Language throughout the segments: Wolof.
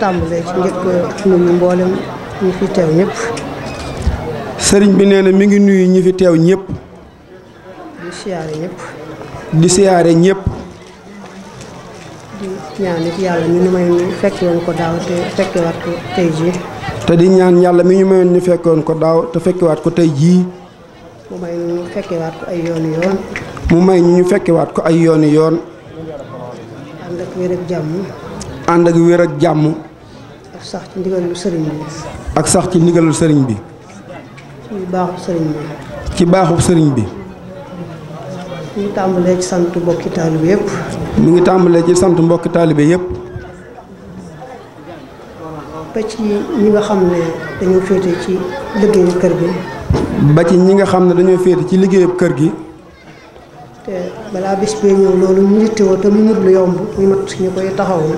tàmbalee ci njëkk nit ñi mboolem ñi fi teew ñëpp. sëriñ bi nee na mi ngi nuyu ñi fi teew ñëpp. di siyaare ñëpp. di siyaare ñëpp. di ñaan it yàlla mi ñu mayoon ñu fekke woon ko daaw te fekkewaat ko tey jii. te di ñaan yàlla mi ñu mayoon ñu fekkoon ko daaw te fekkewaat ko tey jii. mu may ñu fekkewaat ko ay yoon yoon. mu may ñu fekkewaat ko ay yoon yoon. ànd ak wér ak jàmm. ànd ak wér ak jàmm. sax ci ndigalul sëriñ bi. ak sax ci ndigalul sëriñ bi. ci baaxub sëriñ bi. ci baaxu sëriñ bi. mi ngi tàmbalee ci sant mbokki taalibe yëpp. mi ngi tàmbalee ci sant mbokki taalibe yépp ba ci ñi nga xam ne dañoo féete ci liggéeyu kër gi. ñi nga xam ne dañoo féete ci liggéeyu kër gi. te balaa bis bee ñëw loolu ñu yittewoo te mu mën lu yomb ñu mat ñu koy taxawu.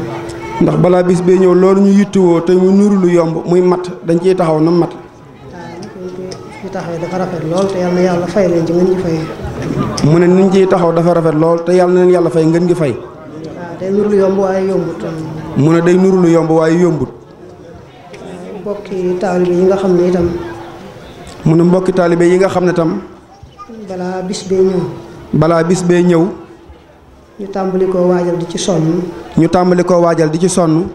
ndax balaa bis bee ñëw loolu ñu yittewoo te mu nuru lu yomb muy mat dañ ciy taxaw na mat. ñu taxawee dafa rafet lool te yal yàlla fay leen ci ngeen mu ne ni ñu ciy taxaw dafa rafet lool te yal na yàlla fay ngeen ngi fay. waaw mu ne day nuru lu yomb waaye yombut. mbokki taalibe yi nga xam ne itam. mu ne mbokki taalibe yi nga xam ne tam. balaa bis bee balaa bis bee ñëw. ñu tàmbali koo waajal di ci sonn. ñu tàmbali koo waajal di ci sonn.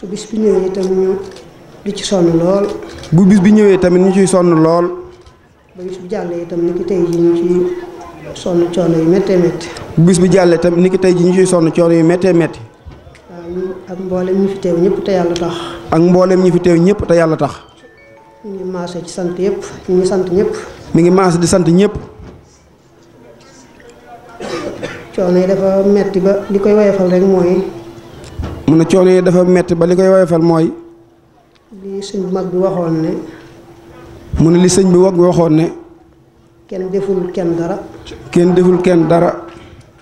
su bis bi ñëwee itam ñu di ci sonn lool. bu bis bi ñëwee tamit ñu ciy sonn lool. ba bis bi jàllee itam ni ki tey ji ñu ciy sonn coono yu méttee métti. bu bis bi jàllee itam ni ki tey ji ñu ciy sonn coono yu méttee métti. ak mboolem ñi fi teew ñëpp te yàlla tax. ak mboolem ñi fi teew ñëpp te yàlla tax. ñu ngi maase ci sant yëpp ñu ngi sant ñëpp. mu ngi maase di sant ñëpp. coono yi dafa metti ba li koy woyofal rek mooy. mun ne coono yi dafa metti ba li koy woyofal mooy. li sëñ bu mag bi waxoon ne. mun ne li sëñ bi mag waxoon ne. kenn deful kenn dara. kenn deful kenn dara.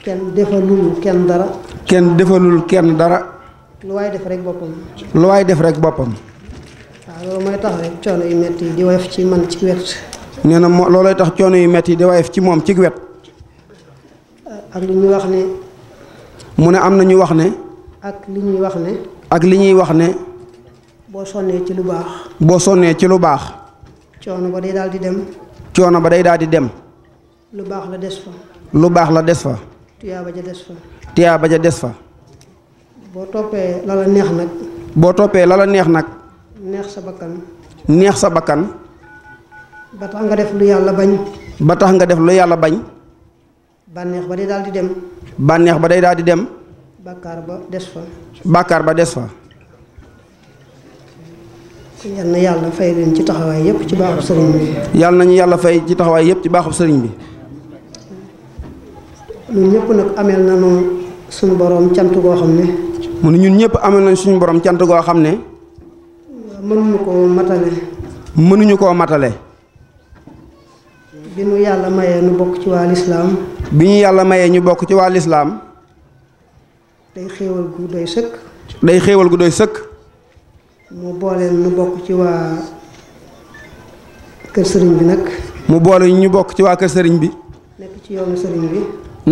kenn defalul kenn dara. kenn defalul kenn dara. lu waay def rek boppam. lu waay def rek boppam. waaw loolu mooy tax rek coono yu metti yi di woyof ci man ci wet. nee na moo loolooy tax coono yu metti yi di woyof ci moom ci wet. ak li ñuy wax ne. mu ne am na ñu wax ne. ak li ñuy wax ne. ak li ñuy wax ne. boo sonnee ci lu baax. boo sonnee ci lu baax. coono ba day daal di dem. coono ba day daal di dem. lu baax la des fa. lu baax la des fa. tiyaaba ja des fa. tiyaaba ja des fa. boo toppee la la neex nag. boo toppee la la neex nag. neex sa bakkan. neex sa bakkan. ba tax nga def lu yàlla bañ. ba tax nga def lu yàlla bañ. bànneex ba de daal di dem. bànneex ba day daal di dem. bàkkaar ba des fa. bàkkaar ba des fa. yal na yàlla fay leen ci taxawaay yëpp ci baaxub nañu yàlla fay ci taxawaay yëpp ci baaxub sëriñ bi. ñun ñëpp nag ameel nañu suñu boroom cant goo xam ne. mu ne ñun ñëpp ameel nañu suñu boroom cant goo xam ne. mënuñu koo matale. mënuñu koo matale. bi nu yàlla mayee nu bokk ci waa lislaam bi ñu yàlla mayee ñu bokk ci waa lislaam day xéewal gu doy sëkk day xéewal gu doy sëkk mu boole ñu bokk ci waa kër sëriñ bi nag mu boole ñu bokk ci waa kër sëriñ bi nekk ci yoonu sëriñ bi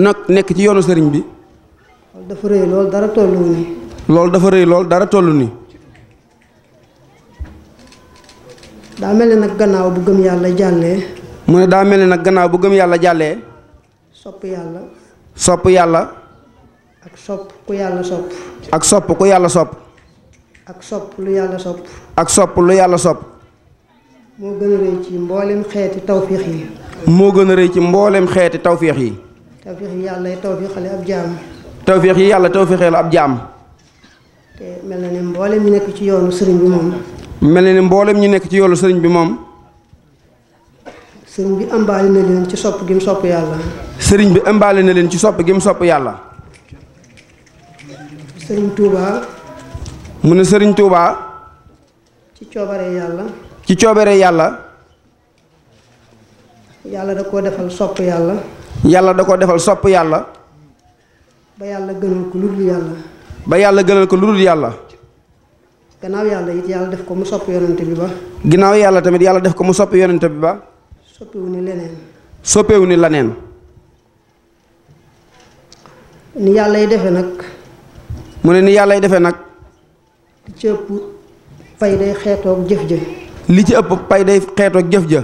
nag nekk ci yoonu sëriñ bi loolu dafa rëy lool dara tollu ni loolu dafa rëy lool dara tollu ni daa mel ne nag gannaaw bu gëm yàlla jàllee mu ne daa mel ne nag gannaaw bu gëm yàlla jàllee sopp yàlla. sopp yàlla. ak sopp ku yàlla sopp. ak sopp ku yàlla sopp. ak sopp lu yàlla sopp. ak sopp lu yàlla sopp. moo gën a rëy ci mboolem xeeti tawféex yi. moo gën a rëy ci mboolem xeeti tawféex yi. tawféex yi yàlla tawféexale ab jaam. tawféex yi yàlla tawféexale ab jaam. te mel na ne mboolem ñu nekk ci yoonu sëriñ bi moom. mel na ne mboolem ñu nekk ci yoonu sëriñ bi moom. sëriñ bi ëmbaale na leen ci sopp gi mu sopp yàlla. sëriñ bi ëmbaale na leen ci sopp gi mu sopp yàlla. sëriñ Touba. mu ne sëriñ Touba. ci coobare yàlla. ci coobare yàlla. yàlla da koo defal sopp yàlla. da koo defal sopp yàlla. ba yàlla gënal ko lu dul yàlla. ba yàlla gënal ko lu dul yàlla. gannaaw yàlla it yàlla def ko mu sopp bi ba. gannaaw yàlla tamit yàlla def ko mu sopp yonent bi ba. soppewu ni leneen. soppewu ni leneen. ni yàlla yi defee nag. mu ne ni yàlla yi defee nag. li ci ëpp pay day xeetoog jëf ja. li ci ëpp pay day xeetoog jëf ja.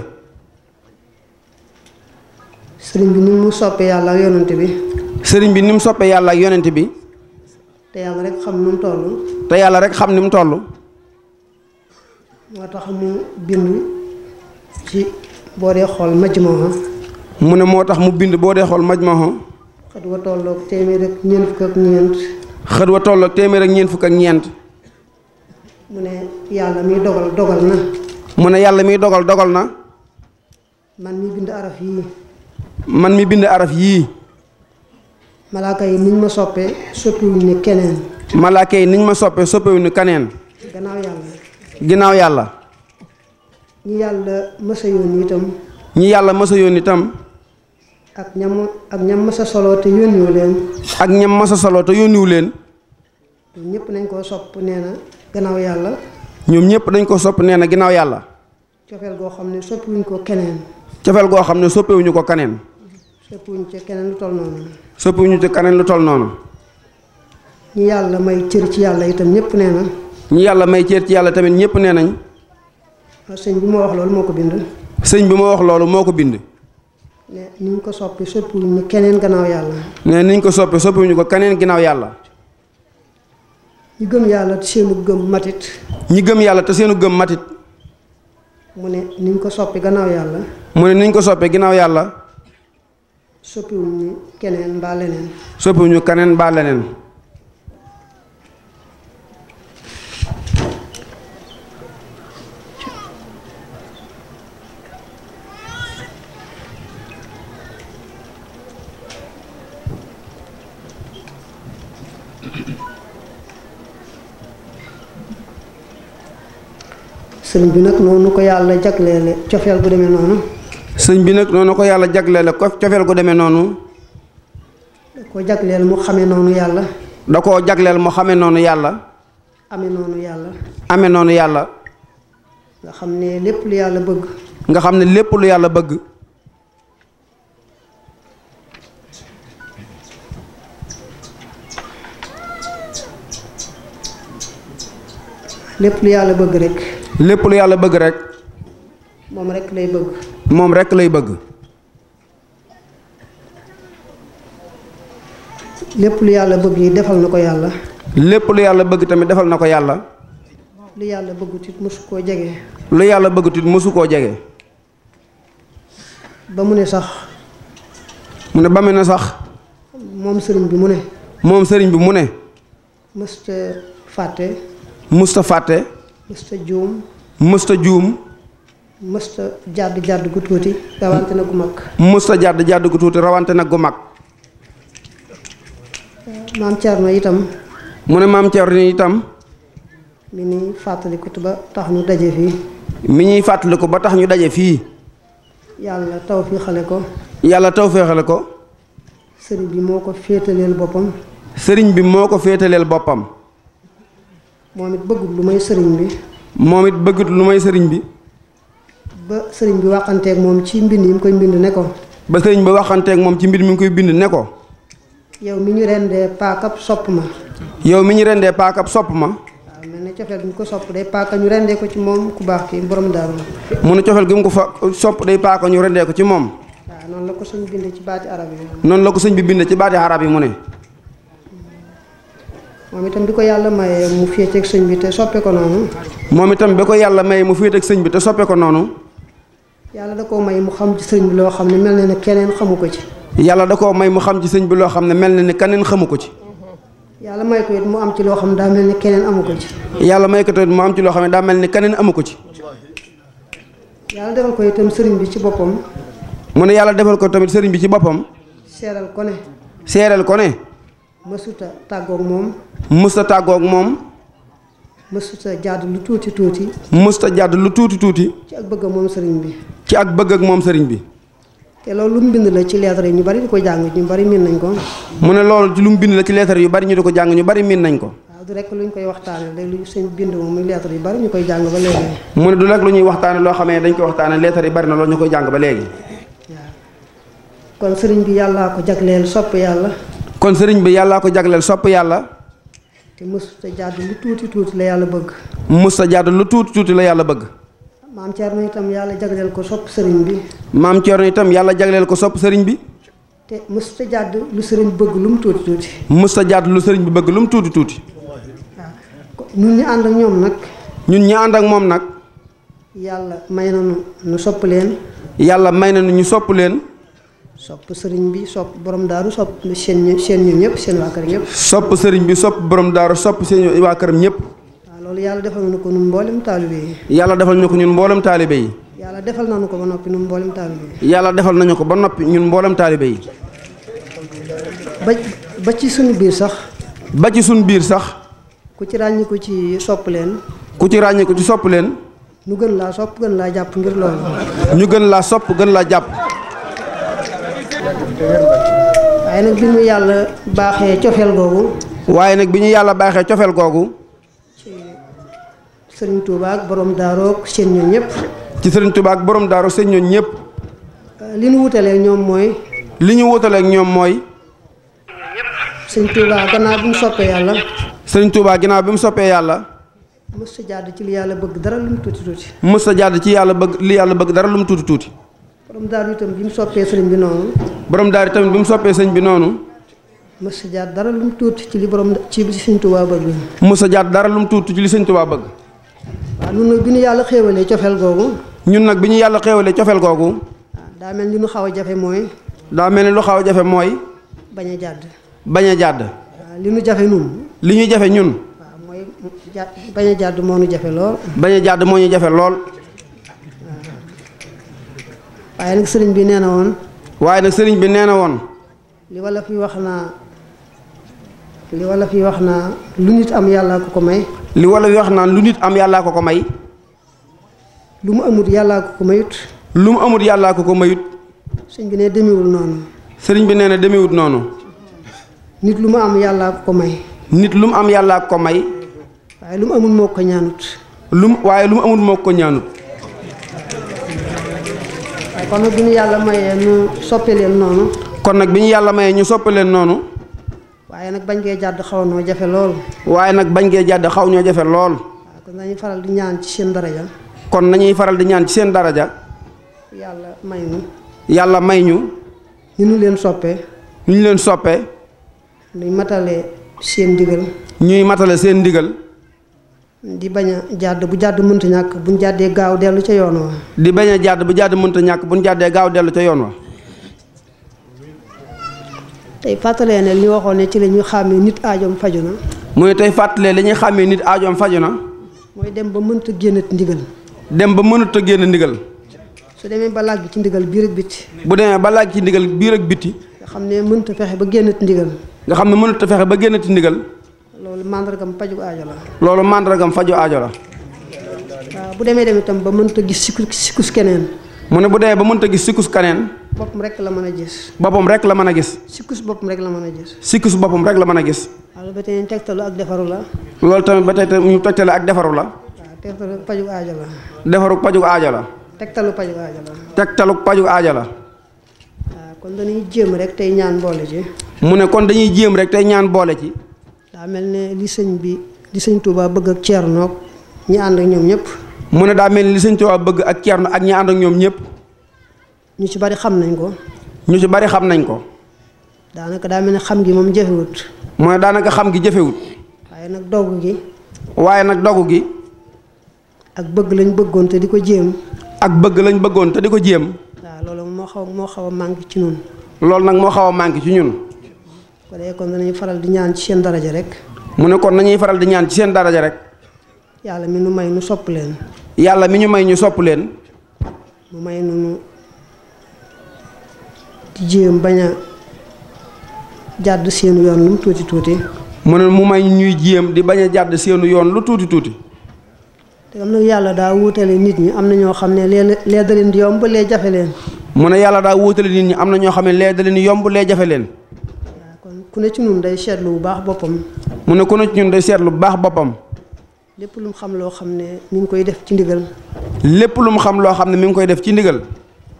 sëriñ bi ni mu soppe yàlla ak yonent bi. sëriñ bi ni mu soppe yàlla ak yonent bi. te yàlla rek xam ni mu toll. te yàlla rek xam ni mu toll. moo tax mu bind ci boo dee xool majmuha mu ne moo tax mu bind boo dee xool majmuha xët wa tolloog téeméer ak ñeent fukk ak ñeent xët wa tolloog téeméer ak ñeent fukk ak ñeent mu ne yàlla miy dogal dogal na mu ne yàlla miy dogal dogal na man mi bind araf yii man mi bind araf yii malaaka yi niñ ma soppee soppiwuñ ni keneen malaaka yi niñ ma soppee soppee soppiwuñ ni keneen gannaaw yàlla ñi yàlla mës a yónni itam. ñi yàlla mës yoon yónni itam. ak ñam ak ñam mës a solo te yónniwu leen. ak ñam mës a solo te leen. ñëpp dañ koo sopp nee na gannaaw yàlla. ñoom ñëpp dañ ko sopp nee na gannaaw yàlla. cofeel goo xam ne soppiwuñ ko keneen. cofeel goo xam ne soppiwuñu ko keneen. soppiwuñ ci keneen lu toll noonu. soppiwuñu ci keneen lu toll noonu. ñi yàlla may cër ci yàlla itam ñëpp nee na. ñi yàlla may cër ci yàlla tamit ñëpp nee nañ. sëñ bi ma wax loolu moo ko bind. sëñ bi ma wax loolu moo ko bind. ne ni ñu ko soppi soppiwuñu keneen gannaaw yàlla. ne ni ko soppi soppiwuñu ko keneen gannaaw yàlla. ñi gëm yàlla te seenu gëm matit. ñi gëm yàlla te seenu gëm matit. mu ne ni ko soppi gannaaw yàlla. mu ne ni ko soppi gannaaw yàlla. soppiwuñu keneen mbaa leneen. soppiwuñu keneen baa leneen. sëñ bi nag noonu ko yàlla jagleele cofeel gu demee noonu. sëñ bi nag noonu ko yàlla jagleele ko cofeel gu demee noonu. da koo jagleel mu xamee noonu yàlla. da koo jagleel mu xamee noonu yàlla. amee noonu yàlla. amee noonu yàlla. nga xam ne lépp lu yàlla bëgg. nga xam ne lépp lu yàlla bëgg. lépp lu yàlla bëgg rek. lépp lu yàlla bëgg rek. moom rekk lay bëgg. moom rek lay bëgg. lépp lu yàlla bëgg yi defal na ko yàlla. lépp lu yàlla bëgg tamit defal na ko yàlla. lu yàlla bëggut it mosu koo jege. lu yàlla bëggut it koo jege. ba mu ne sax. mu ne ba mu ne sax. moom sëriñ bi mu ne. moom sëriñ bi mu ne. mësta fàtte. mësta fàtte. mësta juum. mësta juum. mësta jàdd jàdd gu tuuti rawante na gu mag. tuuti rawante gu mag. maam itam. mu ne maam Thierno itam. mi ñuy fàttaliku ba tax ñu daje fii. mi ñuy fàttaliku ba tax ñu daje fii. yàlla tawféexale ko. yàlla taw tawféexale ko. sëriñ bi moo ko féetaleel boppam. sëriñ bi moo ko féetaleel boppam. moom it bëggut lu may sëriñ bi. moom it bëggut lu may sëriñ bi. ba sëriñ bi waxanteeg moom ci mbind yi mu koy bind ne ko. ba sëriñ ba waxanteeg moom ci mbind mi ngi koy bind ne yow mi ñu rendee paakab sopp ma. yow mi ñu rendee paakab sopp ma. waaw mel ne cofeel gi mu ko sopp day paaka ñu ko ci moom ku ki borom daaru la. mu ne cofeel gi mu ko fa sopp day paaka ñu rendee ko ci moom. waaw noonu la ko sëñ bi bindee ci baati arab yi. noonu la ko sëñ bi bind ci baati arab yi mu ne. moom itam bi ko yàlla maye mu féeteeg sëñ bi te soppe ko noonu. moom itam bi ko yàlla maye mu féeteeg sëñ bi te soppe ko noonu. yàlla da koo may mu xam ci sëñ bi loo xam ne mel na ne keneen xamu ko ci. yàlla da koo may mu xam ci sëñ bi loo xam ne mel na ne keneen xamu ko ci. yàlla may ko it mu am ci loo xam ne daa mel ni keneen amu ko ci. yàlla may ko it mu am ci loo xam ne daa mel ni keneen amu ko ci. yàlla defal ko itam sëriñ bi ci boppam. mu ne yàlla defal ko tamit sëriñ bi ci boppam. seeral ko ne. seeral ko ne. mësuta tàggoog moom. mësuta tàggoog moom. mësuta jàdd lu tuuti tuuti. mësuta jàdd lu tuuti tuuti. ci ak bëgg moom sëriñ bi. ci ak bëgg moom sëriñ bi. te loolu lu mu bind la ci lettre yi ñu bari di ko jàng ñu bari miin nañ ko. mu ne loolu ci bind la ci lettre yu bari ñu di ko jàng ñu bari miin nañ ko. waaw du rek lu ñu koy waxtaanee léegi lu sëñ bind moom muy lettre yu bari ñu koy jàng ba léegi. mu ne du rek lu ñuy waxtaane loo xamee dañ koy waxtaanee lettre yi bari na loolu ñu koy jàng ba léegi. kon sëriñ bi yàllaa ko jagleel sopp yàlla kon sëriñ bi yàllaa ko jagleel sopp yàlla. te musta jàdd lu tuuti tuuti la yàlla bëgg. musta jàdd lu tuuti tuuti la yàlla bëgg. maam jagleel ko sopp sëriñ bi. maam Thierno itam yàlla jagleel ko sopp sëriñ bi. te musta jàdd lu sëriñ bëgg lu mu tuuti tuuti. musta jàdd lu sëriñ bi bëgg lu mu tuuti tuuti. waaw ñun ñu ànd ak ñoom nag. ñun ñu ànd ak moom nag. yàlla may na ñu sopp leen. yàlla may na ñu sopp leen. sopp sëriñ bi sopp borom daaru sopp seen seen ñun ñëpp seen waa kër ñëpp. sopp sëriñ bi sopp borom daaru sopp seen waa këram ñëpp. loolu yàlla defal na ko ñun mboolem taalibe yi. yàlla defal na ko ñun mboolem taalibe yi. yàlla defal nañu ko ba noppi ñun mboolem taalibe yi. yàlla nañu ko ba noppi ñun mboolem taalibe yi. ba ci suñu biir sax. ba ci suñu biir sax. ku ci ràññiku ci sopp leen. ku ci ràññiku ci sopp leen. ñu gën laa sopp gën laa jàpp ngir loolu. ñu gën laa sopp gën laa jàpp. waaye nag bi ñu yàlla baaxee cofeel googu. waaye nag bi ñu yàlla baaxee cofeel googu. ci sëriñ Touba ak borom daaroog seen ñoom ci sëriñ Touba ak borom daaroog seen ñoom ñëpp. li ñu wutalee ñoom mooy. li ñu wutalee ñoom mooy. sëriñ Touba gannaaw bi mu soppee yàlla. sëriñ Touba gannaaw bi mu soppee yàlla. mës sa jàdd ci li yàlla bëgg dara mës sa jàdd ci yàlla bëgg li yàlla bëgg dara lu mu tuuti tuuti. borom daaru itam bi mu soppee sëriñ bi noonu. borom daaru itam bi mu soppee sëriñ bi noonu. mos mësa jaar dara lu mu tuuti ci li borom ci li sëñ Tuubaa bëgg. mësa jaar dara lu mu tuuti ci li sëñ Tuubaa bëgg. waaw ñun nag bi ñu yàlla xéewalee cofeel googu. ñun nag bi ñu yàlla xéewalee cofeel googu. daa mel ni lu xaw a jafe mooy. daa mel ni lu xaw a jafe mooy. bañ jàdd. bañ a jàdd. li ñu jafe ñun. li ñu jafe ñun. waaw mooy jàdd moo ñu jafe lool. bañ a jàdd moo ñu jafe lool. waaye nag sëriñ bi nee na woon. waaye nag sëriñ bi nee na woon. li wala fi wax naa li wala fi wax naa lu nit am yàllaa ko ko may. li wala fi wax naa lu nit am yàllaa ko ko may. lu mu amut yàllaa ko ko mayut. lu mu amut yàllaa ko ko mayut. sëriñ bi nee demewul noonu. sëriñ bi nee na demewut noonu. nit lu mu am yàllaa ko ko may. nit lu mu am yàllaa ko ko may. waaye lu mu amul moo ko ñaanut. lu mu waaye lu mu amul moo ko ñaanut. kon nag bi ñu yàlla mayee ñu soppe leen noonu. kon nag bi ñu yàlla mayee ñu soppe leen noonu. waaye nag bañ gee jàdd xaw noo jafe lool. waaye nag bañ gee jàdd xaw ñoo jafe lool. kon nañuy faral di ñaan ci seen daraja. kon nañuy faral di ñaan ci seen daraja. yàlla may ñu. yàlla may ñu. ñu ñu leen soppee. ñu ñu leen soppee. ñuy matale seen ndigal. ñuy matale seen ndigal. di bañ a jàdd bu jàdd mënta ñàkk buñ jàddee gaaw dellu ca yoon wa. di bañ a jàdd bu jàdd mënta ñàkk bu buñ jàddee gaaw dellu ca yoon wa. tey fàttalee ne li ñu waxoon ne ci la ñuy xàmmee nit aajoom faju na. mooy tey fàttalee li ñuy xàmmee nit aajoom faju na. mooy dem ba mënut a génn ndigal. dem ba mënut a génn ndigal. su demee ba làgg ci ndigal biir ak bitti. bu demee ba làgg ci ndigal biir ak bitti. nga xam ne mënut a fexe ba génnati ndigal. nga xam ne mënut a fexe ba génn ti ndigal. loolu màndargam faju aajo la. loolu màndargam faju aajo la. waaw bu demee dem itam ba mënta gis sikkus keneen. mu ne bu demee ba mënta gis sikkus keneen. boppam rek la mën a gis. boppam rek la mën a gis. sikkus boppam rek la mën a gis. sikkus boppam rek la mën a gis. loolu ba tey tegtalu ak defaru la. loolu tamit ba tey ñu tegtalu ak defaru la. waaw tegtalu paju aajo la. defaru paju aajo la. tegtalu paju aajo la. tegtalu paju aajo la. waaw kon dañuy jéem rek tey ñaan boole ci. mu ne kon dañuy jéem rek tey ñaan boole ci. daa mel ni li sëñ bi li sëñ Touba bëgg ak noog ñi ànd ak ñoom ñëpp. mu ne daa mel ni li sëñ bëgg ak Thierno ak ñi ànd ak ñoom ñëpp. ñu ci bari xam nañ ko. ñu ci bari xam nañ ko. daanaka daa mel ni xam gi moom jëfewut. mu ne daanaka xam gi jëfewut. waaye nag dogu gi. waaye nag dogu gi. ak bëgg lañ bëggoon te di ko jéem. ak bëgg lañ bëggoon te di ko jéem. waaw loolu moo xaw moo xaw a manqué ci ñun. loolu nag moo xaw a manqué ci ñun. mu ne kon nañu faral di ñaan ci seen daraja rek. mu ne kon nañuy faral di ñaan ci seen daraja rek. yàlla mi ñu may ñu sopp leen. yàlla mi ñu may ñu sopp leen. mu may ñu di bañ a jàdd seen yoon lu tuuti tuuti. mu mu may ñuy jéem di bañ a jàdd seenu yoon lu tuuti tuuti. te am na yàlla daa wuutale nit ñi am na ñoo xam ne lee lee da leen di yomb lee jafe leen. mu ne yàlla daa wuutale nit ñi am na ñoo xam ne lee da leen di yomb lee jafe leen. ku ne ci ñun day seetlu bu baax boppam. mu ne ku ne ci ñun day seetlu bu baax boppam. lépp lu mu xam loo xam ne mu ngi koy def ci ndigal. lépp lu mu xam loo xam ne mu ngi koy def ci ndigal.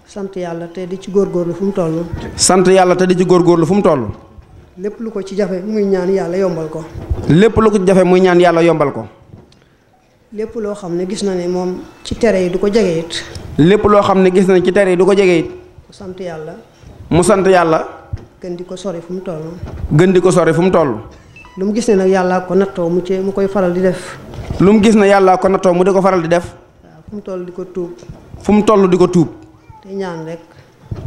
sant yàlla te di ci góor góorgóorlu fu mu toll. sant yàlla te di ci góorgóorlu fu mu toll. lépp lu ko ci jafe muy ñaan yàlla yombal ko. lépp lu jafe muy ñaan yàlla yombal ko. lépp loo xam ne gis na ne moom ci tere yi du ko jege it. lépp loo xam ne gis na ne ci tere yi du ko jege it. mu sant yàlla. mu sant yàlla. gën di ko sori fu mu toll. gën di ko sori fu mu toll. lu mu gis ne nag yàllaa ko nattoo mu ci mu koy faral di def. lu mu gis ne yàllaa ko nattoo mu di ko faral di def. waaw fu mu toll di ko tuub. fu mu toll di ko tuub. tey ñaan rek.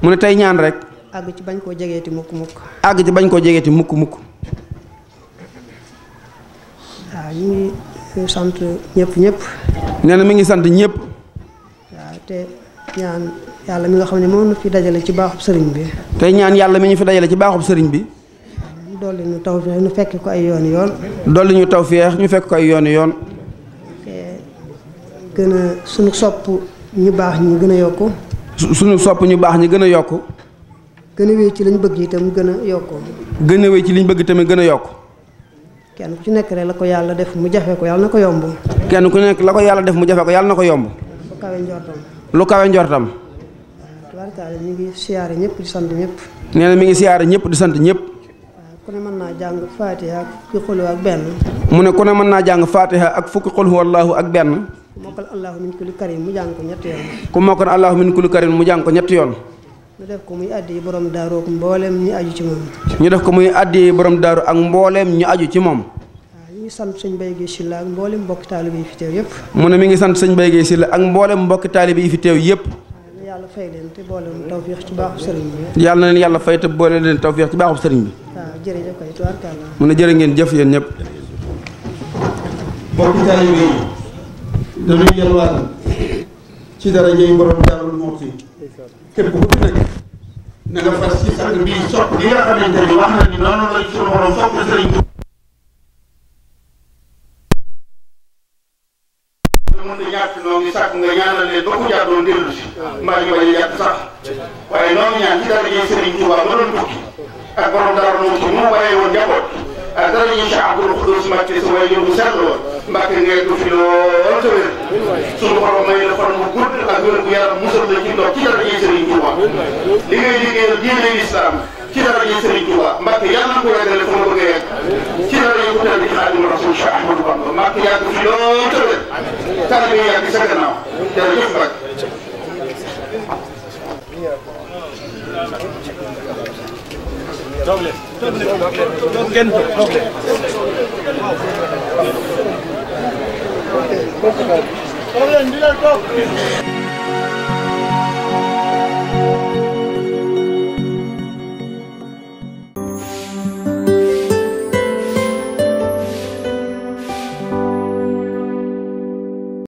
mu ne tey ñaan rek. àgg ci bañ koo jegee ti mukk mukk. àgg ci bañ koo jegeeti mukk mukk. waaw ñu ngi sant ñëpp ñëpp. nee na mi ngi sant ñëpp. waaw te. ñaan yàlla mi nga xam ne moom nu fi dajale ci baaxub sëriñ bi. te ñaan yàlla mi ñu fi dajale ci baaxub sëriñ bi. dolli ñu taw tawfeex ñu fekk ko ay yoon yoon. dolli ñu taw tawfeex ñu fekk ko ay yoon yoon. gën a sunu sopp ñu baax ñi gën a yokku. sunu sopp ñu baax ñi gën a yokk gën a wéy ci liñ bëgg itam gën a yokk gën a wéy ci liñ bëgg tamit gën a yokk kenn ku ci nekk rek la ko yàlla def mu jafe ko yàlla na ko yomb. kenn ku nekk la ko yàlla def mu jafe ko yàlla na ko yomb. lu kawe njortam. tubaarkaale mi ngi siyaare ñëpp di sant ñëpp. nee na mi ngi siyaare ñëpp di sant ñëpp. ku ne mën naa jàng faatiha ak fukki xul ak benn. mu ne ku ne mën naa jàng faatiha ak fukki xul wallaahu ak benn. ku mokkal allahu min kulli karim mu jàng ko ñetti yoon. ku mokkal allahu min kulli karim mu jàng ko ñetti yoon. ñu def ko muy addi borom daaru ak mbooleem ñu aju ci moom. ñu def ko muy addi borom daaru ak mbooleem ñu aju ci moom. ngi sant sëñ Mbaye Guèye Sylla ak mboolem mbokki yëpp. mu ne mi ngi sant sëñ Mbaye Guèye Sylla ak mboolem mbokki taalibe yi fi teew yëpp. yàlla fay leen te boole leen tawféex ci baaxub sëriñ na yàlla fay te boole leen tawféex ci baaxub sëriñ bi. waaw jërëjëf kay tubaarkàlla. mu ne ngeen jëf yéen ñëpp. mbokki taalibe yi dañuy yalwaat ci dara ne ba ku jàddoon dellu si mbaa ñu bañ a jàdd sax waaye noonu ñaan ci dara ji Serigne Touba ma doon tukki ak borom dara noonu ci mu waree woon dara ji Cheikh Abdoul Khoudous Mbacké sa waaye ñëw bu sell woon Mbacké ngay ko fi lool te wér suñu borom gudd ak wér gu yaram musal la ci ndox dara ji Serigne Touba li ngay liggéeyal diine l'islam ci dara ji Serigne Touba Mbacké yàlla na ko yàggale fa ma bëgg a yàgg kenn toog leen toog leen di leen toog